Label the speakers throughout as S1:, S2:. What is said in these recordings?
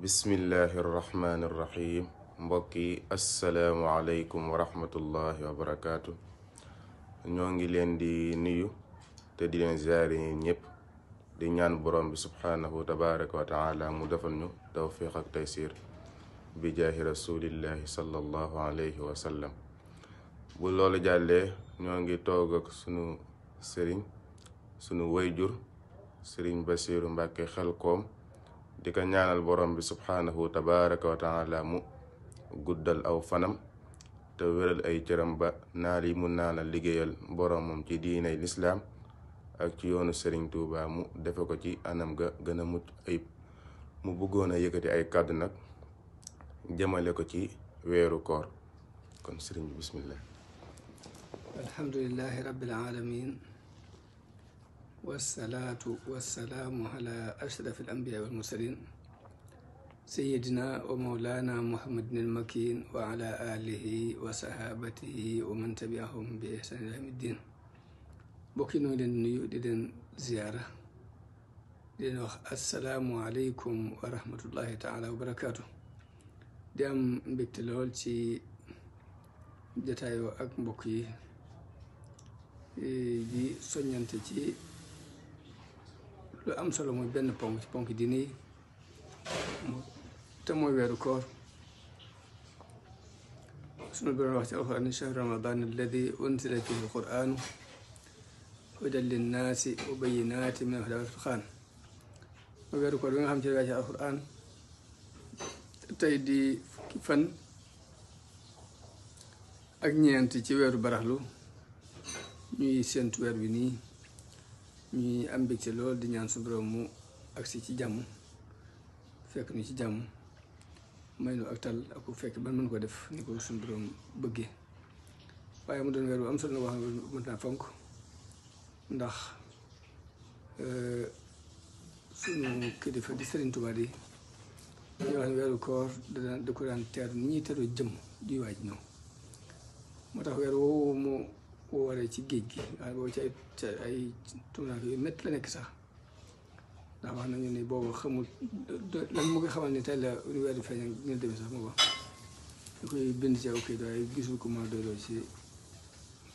S1: بسم الله الرحمن الرحيم مبكي السلام عليكم ورحمة الله وبركاته نونجي لين دي نيو تدي لين زاري نيب دي نيان بروم سبحانه تبارك وتعالى مدفن توفيقك توفيق تيسير بجاه رسول الله صلى الله عليه وسلم بلول جالي نيونغي توقك سنو سرين سنو ويجور سرين بسير مبكي خلقوم di ko ñaanal borom bi subhaanahu tabaraka wa taala mu guddal aw fanam te wéral ay cëram ba naal yi mun naa la liggéeyal boromam ci diinay lislaam ak ci yoonu Serigne Touba mu defe ko ci anam ga gën a mucc ayib mu bëggoon a yëkkati ay kàddu nag jëmale ko ci weeru koor kon Serigne bi bismillah alhamdulillahi rabbil alamin والصلاة والسلام على أشرف الأنبياء والمرسلين سيدنا ومولانا محمد المكين وعلى آله وصحابته ومن تبعهم بإحسان إلى يوم الدين bokki nooy leen nuyu di leen ziyaara di leen wax assalaamu aleykum wa rahmatullahi taala wa ci mbokk yi di lu am solo moy ben pong ci pong di ni te moy wéru koor sunu bëru wax ci alquran ni shahr ramadan alladhi unzila fihi alquranu hudan linnaasi wa bayyinatin min alhuda alquran wéru weeru koor bi nga xam ci wéru ci alquran tay di fukki fan ak ñeent ci wéru baraxlu ñuy sentu wéru ni ñi am ci lool di ñaan suñu borom mu agsi ci jamm fekk ñu ci jamm may nu ak tal ak fekk ban mën ko def ni ko suñu borom bëggee waaye mu doon weer bu am solo wax mën naa fonk ndax euh, suñu kilifa di Serigne Touba di ñu wax weeru koor da ko daan teer ni ñuy teru jëm di waaj ñëw moo tax weer woowu mu wala ci géej gi waaye boobu ci ay ay tuunaak yu métti la nekk sax ndax wax nañu ni boobu xamul lan mu ngi xamal ni tey la weer bi feeñ dina demee sax mu ba da koy bind ci aw kii waaye gisul ko mën a doyloo ci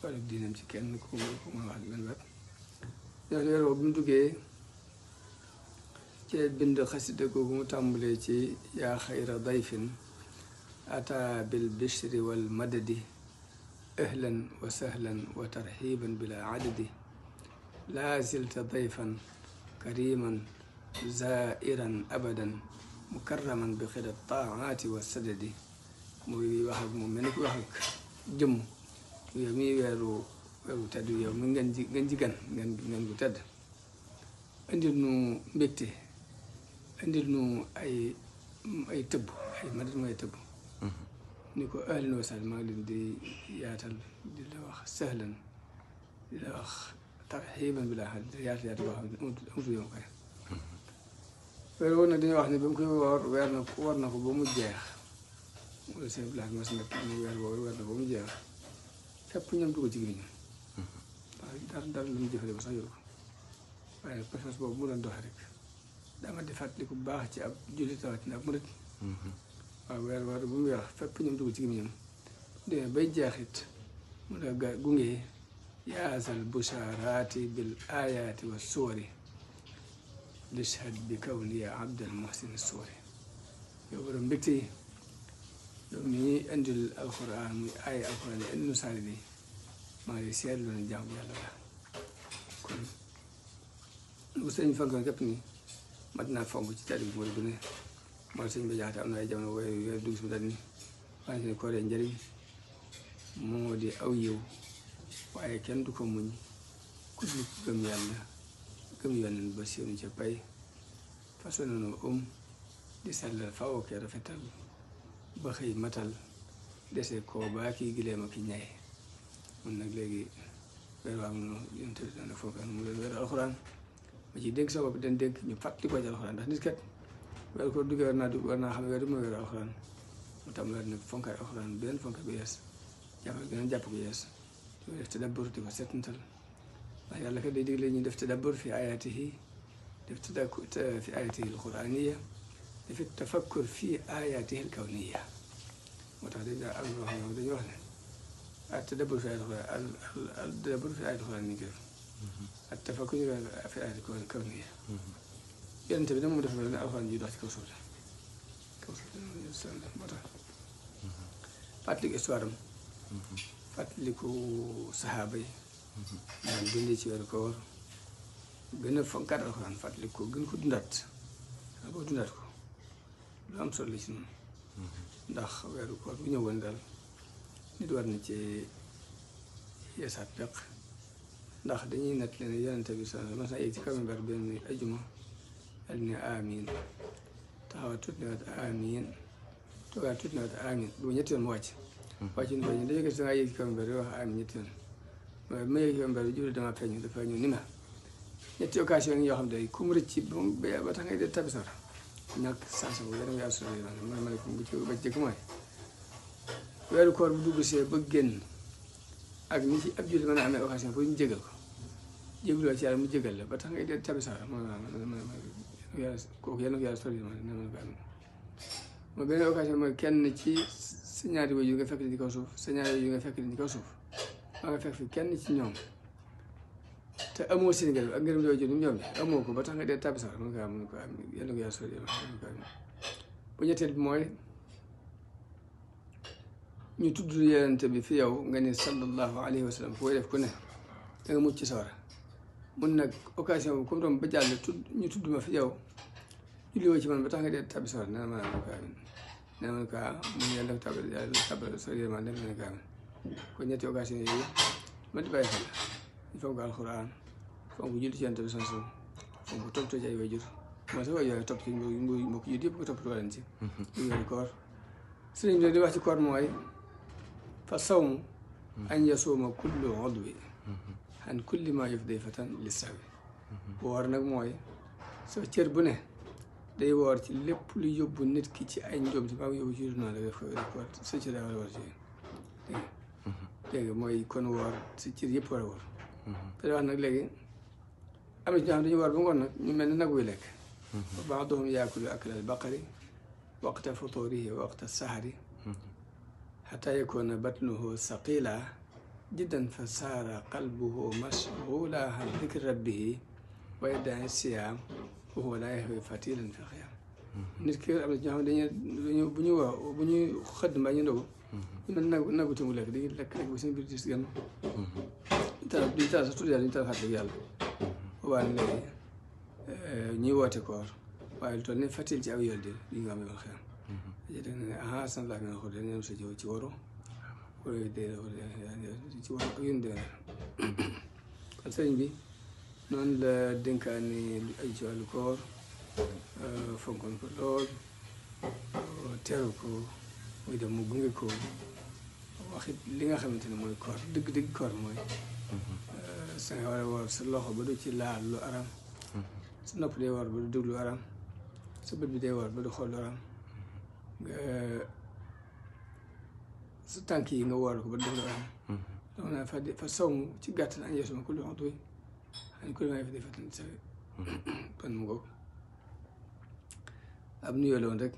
S1: wàllu diinam ci kenn ku mën a wax ak benn wet yow weer boobu bi mu duggee ci bind xasida googu mu tàmbalee ci yaa xayra dayfin ata bil bishri wal madadi اهلا وسهلا وترحيبا بلا عدد لا زلت ضيفا كريما زائرا ابدا مكرما بخير الطاعات والسدد مويبي وهب مؤمنك وهك جم ويمي ويرو ويوتد يوم غنجي غنجي غن غن عندنا بيتي عندنا اي اي تب اي مدن اي تبو ni ko ahlan wa sahlan maa leen di yaatal di la wax sahlan di la wax tarxiiban bi laa xam di yaatal yaatal boo xam ne amatu yoon kay weer wax ne ba mu koy woor weer na ko war na ko ba mu jeex wala seen village mas nag mu weer na ko ba jeex fépp ñoom du ko jigéen ñi waaye dara dara lu mu jëfale ba sax yoru waaye nag boobu mu doon doxe rek dama di fàttali bu baax ci ab jullit rawatina ab murit waaw weer war bu mu weex fépp ñoom dugg ci gémmiñam de bay jeexit mu ne ga gunge yaasal bushaaraati bil ayaati wa suwari lishad bi kawli ya abdal muhsin suwari yow borom mbégte yi yow mi ñuy indil alquran muy ay alquran yi indi nu saali bi maa ngi lay seetlu ne jàmm yàlla la kon lu sëñ fonk képp ni mat naa fonk ci tari bi mooy bu ne mooy sëñ bi jaxate am na ay jamono wooye wooye dugg suñu dañu wax ne kooree njëriñ moo di aw yiw waaye kenn du ko muñ ku du gëm yàlla gëm yoneen ba séenu ca pay façon noonu um di sellal faw ke rafetal ba xëy matal dese koo baa kii gileem ak ñay mun nag léegi weer waa noonu yonte dana foofu mu leen weer alxuraan ma ci dénk sa bopp dañ dénk ñu fàttali ko ci alxuraan ndax nit kat weeru koor duggee war naa dugg war naa xam ne weer bi mooy weeru alxuraan mu tàmbalee nag fonkaay alxuraan beneen fonk bu yees jàpp beneen jàpp bu yees ñu def tadabbur di ko seetantal ndax yàlla kat day digle ñu def tadabbur fi ayatihi def tadaku fi ayatihi alquraniya def tafakkur fi ayatihi alkawniya moo tax dañ daa am loo xam ne dañu wax ne ak tadabbur fi ayatihi alquraan al tadabbur fi ayatihi alquraan ni ñu koy def ak tafakkur fi ayatihi alkawniya yonent bi dama defal ne alxuraan ji dox ci kaw suuf si kaw suuf si moo tax fàttaliku histoire am fàttaliku saxaaba yi daan dundee ci weeru koor gën a fonkaat alxuraan fàttaliku ko gën ko dundaat a boo dundaat ko lu am solo la ci noonu ndax weeru koor bu ñëwoon daal nit war na ci yeesaat peq ndax dañuy nett leen yonent bi sa mas na yéeg ci kaw mimbar benn ajuma dal ne amin tawa tutnawat amin toga hmm. tutnawat amin ɗum ñetten mo wacce waccino peñu de kadi sona yeeki kambere o amin ñetten ma yeeki kambere juulidema ñetti occasion yo xam day kum rëcci bom ba tax ngay de tabisora ñàkk sasa ko yadama yaa sori noon man ne ba jëkk mooy weeru a amee occasion ñu jégal ko jégaloo ci ba tax ngay yàlla kooku yàlla na ko yàlla sori ma ne ma baal ma beneen occasion mooy kenn ci sa ñaari waajur nga fekk di kaw suuf sa ñaari waajur nga fekk di kaw suuf maa nga fekk fi kenn ci ñoom te amoo seen ngërëm ak ngërëm waajur mu ñoom amoo ko ba tax nga dee tàbbi sax mën ko am mën ko am yàlla na ko yàlla sori ma ko am bu ñetteel bi mooy ñu tudd yonent bi fi yow nga ne sallallahu alayhi wa sallam foo def ku ne da nga mucc ci sawara mun nag occasion bi comme doom ba jàll ñu tudd ma fi yow julli woo ci man ba tax nga dee tabbi sawar nena ko amin ah, nena man ko mun yàlla def tabal yàlla def tabal sawar yéen ma def leen ko amin kon ñetti yooyu ma di bàyyi xel ñu fonk alxuraan fonk julli ci yonent bi sansu fonk toppatoo ci ay waajur mooy sa waajur topp ci mbokk yi yëpp ko toppatoo mhm. leen ci ñu wéru koor sëriñ bi di wax ci koor mooy fa sawmu mhm. an yasuuma kullu udwi mhm. an kulli ma yufdi fatan li sawi woor nag mooy soo cër bu ne day woor ci lépp lu yóbbu nit ki ci ay njóom ci baa yóbbu ci dund la def ko def ko sa cër daal war ci dégg dégg mooy kon woor sa cër yëpp war a woor te wax nag léegi am na ci ñoo xam dañu woor ba ngoon nag ñu mel ni nag wuy lekk baadohum yaakulu akla al baqari waqta futuurihi waqta sahari xataa yakoona batnuhu saqila جدا فصار قلبه مشغولا عن ذكر ربه ويدعي الصيام وهو لا يهوي فتيلا في nit ki am na ñoo xam ne dañuy bu ñu waa bu ñuy ñu ndogu mhm. nagu te mu lekk dañuy lekk rek ba seen biir dis gan mhm. tal duñu tal sa tudd yàlla duñu tal fàtte yàlla boobaa ne léegi eh, koor waaye lu toll fatil ci aw yool de mhm. duñu ah, ko am yoon xeem san laa mi nga xul dañu am sa jëw ci woro ci wax yun dee kon sëriñ bi noonu la dénkaane lu ay ci wàllu koor fonkoon ko lool teeru ko muy dem mu gunge ko waxit li nga xamante ni mooy koor dëgg dëgg koor mooy eh, sa nga war a war sa loxo ba du ci laal lu aram sa nopp day war ba du déglu aram sa bët bi day war ba du xool lu aram su tànk yi nga wooral ko ba def la wax donc nag fa fa sawmu ci gàttal an yeesuma ku lixutu ku limaa fi defa tan sa pan rek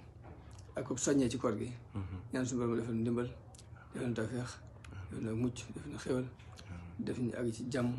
S1: ak ko soññee ci koor gi mm-hmm. ñaan suñu borom defal ndimbal defal na tawfeex mm-hmm. defal na mucc defal na xéwal mm-hmm. def ñu àgg ci jàmm